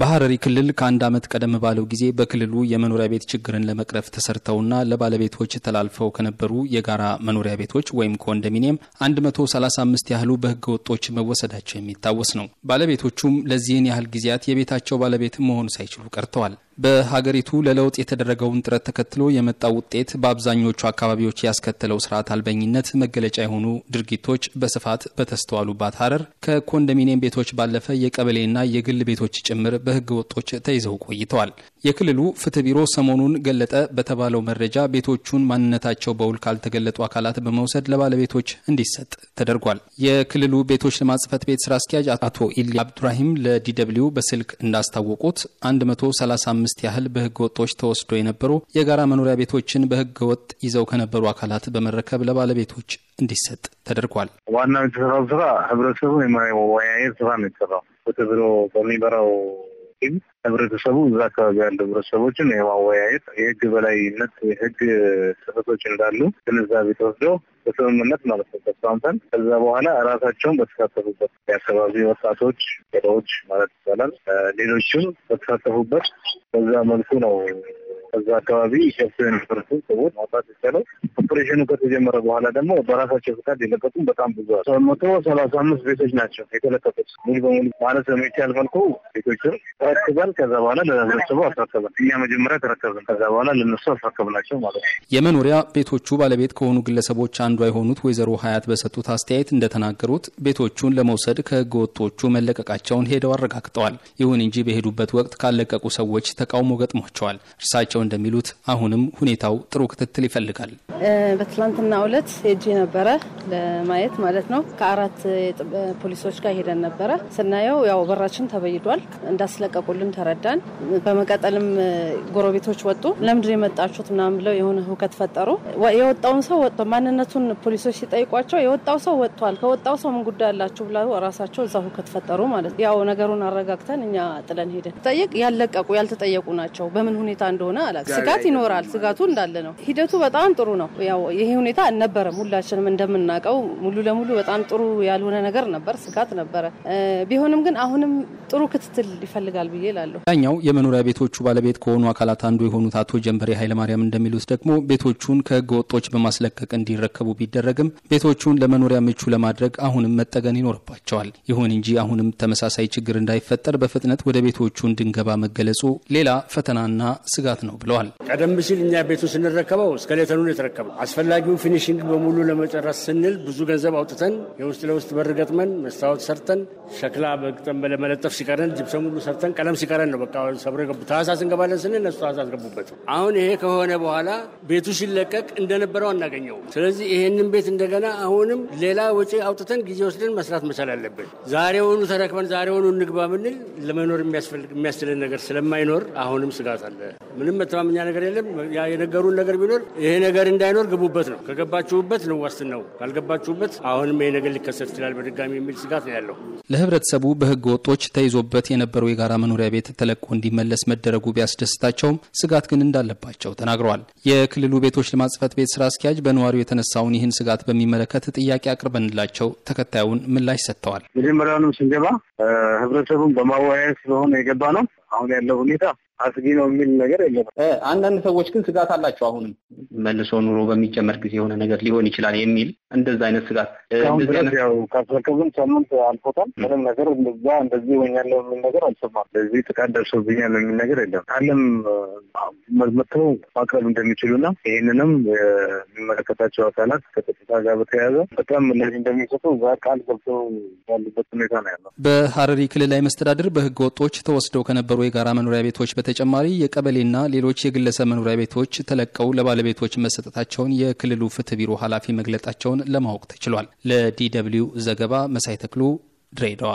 በሐረሪ ክልል ከአንድ ዓመት ቀደም ባለው ጊዜ በክልሉ የመኖሪያ ቤት ችግርን ለመቅረፍ ተሰርተውና ለባለቤቶች ተላልፈው ከነበሩ የጋራ መኖሪያ ቤቶች ወይም ኮንዶሚኒየም 135 ያህሉ በሕገ ወጦች መወሰዳቸው የሚታወስ ነው። ባለቤቶቹም ለዚህን ያህል ጊዜያት የቤታቸው ባለቤት መሆኑ ሳይችሉ ቀርተዋል። በሀገሪቱ ለለውጥ የተደረገውን ጥረት ተከትሎ የመጣው ውጤት በአብዛኞቹ አካባቢዎች ያስከተለው ስርዓት አልበኝነት መገለጫ የሆኑ ድርጊቶች በስፋት በተስተዋሉባት ሀረር ከኮንዶሚኒየም ቤቶች ባለፈ የቀበሌና የግል ቤቶች ጭምር በህገ ወጦች ተይዘው ቆይተዋል። የክልሉ ፍትህ ቢሮ ሰሞኑን ገለጠ በተባለው መረጃ ቤቶቹን ማንነታቸው በውል ካልተገለጡ አካላት በመውሰድ ለባለቤቶች እንዲሰጥ ተደርጓል። የክልሉ ቤቶች ልማት ጽሕፈት ቤት ስራ አስኪያጅ አቶ ኢሊ አብዱራሂም ለዲደብሊው በስልክ እንዳስታወቁት 135 አምስት ያህል በህገ ወጦች ተወስዶ የነበሩ የጋራ መኖሪያ ቤቶችን በህገ ወጥ ይዘው ከነበሩ አካላት በመረከብ ለባለቤቶች እንዲሰጥ ተደርጓል። ዋና የተሰራው ስራ ህብረተሰቡን የማወያየት ስራ ነው የተሰራው በተብሎ በሚበራው ህብረተሰቡ እዛ አካባቢ ያሉ ህብረተሰቦችን የማወያየት የህግ በላይነት የህግ ጥፈቶች እንዳሉ ግንዛቤ ተወስደው በስምምነት ማለት ነው ተስማምተን ከዛ በኋላ ራሳቸውን በተሳተፉበት የአካባቢ ወጣቶች ገዳዎች ማለት ይባላል ሌሎችም በተሳተፉበት በዛ መልኩ ነው ከዛ አካባቢ ሸፍቶ የነበረትን ሰዎች ማውጣት ይቻለው። ኦፕሬሽኑ ከተጀመረ በኋላ ደግሞ በራሳቸው ፍቃድ የለቀቁም በጣም ብዙ ሰ መቶ ሰላሳ አምስት ቤቶች ናቸው የተለቀቁት ሙሉ በሙሉ ማለት በሚቻል መልኩ ቤቶችን ተረክበል። ከዛ በኋላ ለህብረተሰቡ አስረከበል። እኛ መጀመሪያ ተረከብን፣ ከዛ በኋላ ለነሱ አስረከብናቸው ማለት ነው። የመኖሪያ ቤቶቹ ባለቤት ከሆኑ ግለሰቦች አንዷ የሆኑት ወይዘሮ ሀያት በሰጡት አስተያየት እንደተናገሩት ቤቶቹን ለመውሰድ ከህገ ወጦቹ መለቀቃቸውን ሄደው አረጋግጠዋል። ይሁን እንጂ በሄዱበት ወቅት ካለቀቁ ሰዎች ተቃውሞ ገጥሟቸዋል። እርሳቸው እንደሚሉት አሁንም ሁኔታው ጥሩ ክትትል ይፈልጋል። በትላንትና እለት ሄጄ ነበረ ለማየት ማለት ነው። ከአራት ፖሊሶች ጋር ሄደን ነበረ። ስናየው ያው በራችን ተበይዷል። እንዳስለቀቁልን ተረዳን። በመቀጠልም ጎረቤቶች ወጡ። ለምንድን የመጣችሁት ምናምን ብለው የሆነ ህውከት ፈጠሩ። የወጣውን ሰው ወጥቶ ማንነቱን ፖሊሶች ሲጠይቋቸው የወጣው ሰው ወጥቷል፣ ከወጣው ሰው ምን ጉዳይ አላችሁ ብላ ራሳቸው እዛ ህውከት ፈጠሩ ማለት ነው። ያው ነገሩን አረጋግተን እኛ ጥለን ሄደን ጠየቅ ያለቀቁ ያልተጠየቁ ናቸው በምን ሁኔታ እንደሆነ ይቻላል። ስጋት ይኖራል። ስጋቱ እንዳለ ነው። ሂደቱ በጣም ጥሩ ነው። ያው ይሄ ሁኔታ አልነበረም። ሁላችንም እንደምናውቀው ሙሉ ለሙሉ በጣም ጥሩ ያልሆነ ነገር ነበር፣ ስጋት ነበረ። ቢሆንም ግን አሁንም ጥሩ ክትትል ይፈልጋል ብዬ እላለሁ። ዳኛው የመኖሪያ ቤቶቹ ባለቤት ከሆኑ አካላት አንዱ የሆኑት አቶ ጀንበሬ ኃይለማርያም እንደሚሉት ደግሞ ቤቶቹን ከህገ ወጦች በማስለቀቅ እንዲረከቡ ቢደረግም ቤቶቹን ለመኖሪያ ምቹ ለማድረግ አሁንም መጠገን ይኖርባቸዋል። ይሁን እንጂ አሁንም ተመሳሳይ ችግር እንዳይፈጠር በፍጥነት ወደ ቤቶቹ እንድንገባ መገለጹ ሌላ ፈተናና ስጋት ነው ነው ብለዋል። ቀደም ሲል እኛ ቤቱን ስንረከበው እስከ ሌተኑን የተረከበው አስፈላጊውን ፊኒሽንግ በሙሉ ለመጨረስ ስንል ብዙ ገንዘብ አውጥተን የውስጥ ለውስጥ በር ገጥመን መስታወት ሰርተን ሸክላ በግጠም ለመለጠፍ ሲቀረን ጅብሰም ሙሉ ሰርተን ቀለም ሲቀረን ነው በቃ ሰብረ ገቡ። ታህሳስ እንገባለን ስንል እነሱ ታህሳስ ገቡበት። አሁን ይሄ ከሆነ በኋላ ቤቱ ሲለቀቅ እንደነበረው አናገኘው። ስለዚህ ይሄንን ቤት እንደገና አሁንም ሌላ ወጪ አውጥተን ጊዜ ወስደን መስራት መቻል አለብን። ዛሬውኑ ተረክበን ዛሬውኑ እንግባ ምንል ለመኖር የሚያስችለን ነገር ስለማይኖር አሁንም ስጋት አለ ምንም ኛ ነገር የለም። የነገሩን ነገር ቢኖር ይሄ ነገር እንዳይኖር ግቡበት ነው። ከገባችሁበት ነው ዋስትናው፣ ካልገባችሁበት አሁንም ይሄ ነገር ሊከሰት ይችላል በድጋሚ የሚል ስጋት ነው ያለው። ለህብረተሰቡ በህገ ወጦች ተይዞበት የነበረው የጋራ መኖሪያ ቤት ተለቆ እንዲመለስ መደረጉ ቢያስደስታቸውም ስጋት ግን እንዳለባቸው ተናግረዋል። የክልሉ ቤቶች ልማት ቤት ስራ አስኪያጅ በነዋሪው የተነሳውን ይህን ስጋት በሚመለከት ጥያቄ አቅርበንላቸው ተከታዩን ምላሽ ሰጥተዋል። መጀመሪያውንም ስንገባ ህብረተሰቡን በማወያየት ስለሆነ የገባ ነው። አሁን ያለው ሁኔታ አስጊ ነው የሚል ነገር የለም። አንዳንድ ሰዎች ግን ስጋት አላቸው። አሁንም መልሶ ኑሮ በሚጨመር ጊዜ የሆነ ነገር ሊሆን ይችላል የሚል እንደዛ አይነት ስጋት ካስረከብን ሳምንት አልፎታል። ምንም ነገር እንደዛ እንደዚህ ሆኛለሁ የሚል ነገር አልሰማም። ለዚህ ጥቃት ደርሶብኛል የሚል ነገር የለም። ዓለም መጥተው ማቅረብ እንደሚችሉና ይህንንም የሚመለከታቸው አካላት ከጸጥታ ጋር በተያያዘ በጣም እነዚህ እንደሚሰጡ እዛ ቃል ገብተው ያሉበት ሁኔታ ነው ያለው። በሀረሪ ክልላዊ መስተዳድር በህገ ወጦች ተወስደው ከነበሩ የጋራ መኖሪያ ቤቶች በተጨማሪ የቀበሌና ሌሎች የግለሰብ መኖሪያ ቤቶች ተለቀው ለባለቤቶች መሰጠታቸውን የክልሉ ፍትህ ቢሮ ኃላፊ መግለጣቸውን ለማወቅ ተችሏል። ለዲ ደብልዩ ዘገባ መሳይ ተክሉ ድሬዳዋ